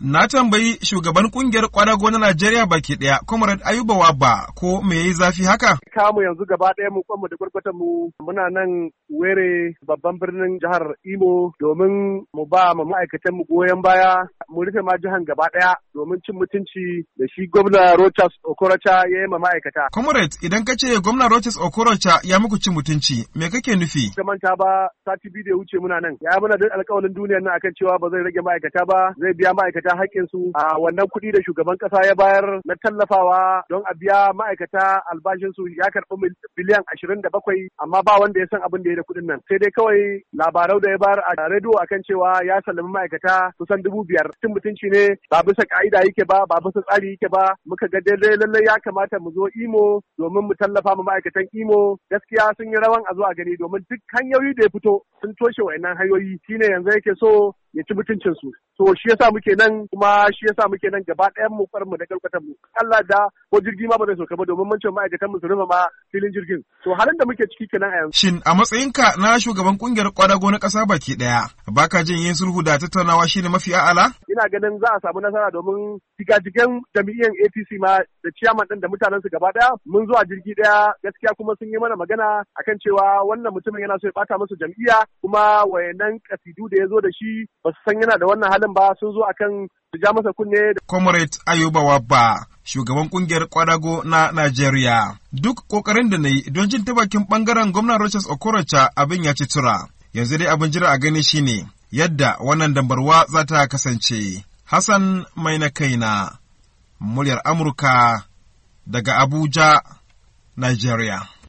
Na tambayi shugaban kungiyar kwadago na Najeriya baki daya, Comrade Ayuba Wabba ko me yayi zafi haka? Kamu yanzu gaba ɗaya mu kwanmu da gwargwatan mu muna nan were babban birnin jihar Imo domin mu ba mu ma'aikatan mu goyon baya mu rufe ma jihar gaba ɗaya. domin cin mutunci da shi gwamna Rochas Okorocha ya yi ma ma'aikata. Comrade idan ka ce gwamna Rochas Okorocha ya muku cin mutunci me kake nufi? Ka manta ba sati biyu da ya wuce muna nan ya mana duk alƙawarin duniyar nan akan cewa ba zai rage ma'aikata ba zai biya ma'aikata su a wannan kuɗi da shugaban ƙasa ya bayar na tallafawa don a biya ma'aikata albashinsu ya karɓi miliyan ashirin da bakwai amma ba wanda ya san abin da ya da kuɗin nan sai dai kawai labarau da ya bayar a rediyo akan cewa ya sallami ma'aikata kusan dubu biyar cin mutunci ne ba bisa ƙa'ida ka'ida yake ba ba bisa tsari yake ba muka ga daidai lallai ya kamata mu zo imo domin mu tallafa ma ma'aikatan imo gaskiya sun yi rawan a zo a gani domin duk hanyoyi da ya fito sun toshe wa'annan hanyoyi shine yanzu yake so ya ci mutuncin su to shi yasa muke nan kuma shi yasa muke nan gaba ɗayan mu mu da karkatar mu Allah da ko jirgi ma ba zai sauka ba domin mun ce ma'aikatan mu su rufe ma filin jirgin to halin da muke ciki kenan a yanzu shin a matsayinka na shugaban kungiyar kwadago na ƙasa baki ɗaya baka jin yin sulhu da tattaunawa shine mafi a'ala ina ganin za a samu nasara domin jigajigan jami'an APC ma da ciyaman ɗin da mutanen su gaba ɗaya mun zuwa jirgi ɗaya gaskiya kuma sun yi mana magana akan cewa wannan mutumin yana so ya bata musu jam'iyya kuma wayannan kasidu da ya zo da shi ba su san yana da wannan halin ba sun zo akan su ja masa kunne. da Comrade Ayuba Wabba, shugaban kungiyar kwadago na Najeriya. Duk kokarin da na yi don jin ta bakin bangaren gwamnan Rochas Okorocha abin ya ci tura. Yanzu dai abin jira a gani shine yadda wannan dambarwa za ta kasance. Hassan mai na kai na muryar Amurka daga Abuja, Najeriya.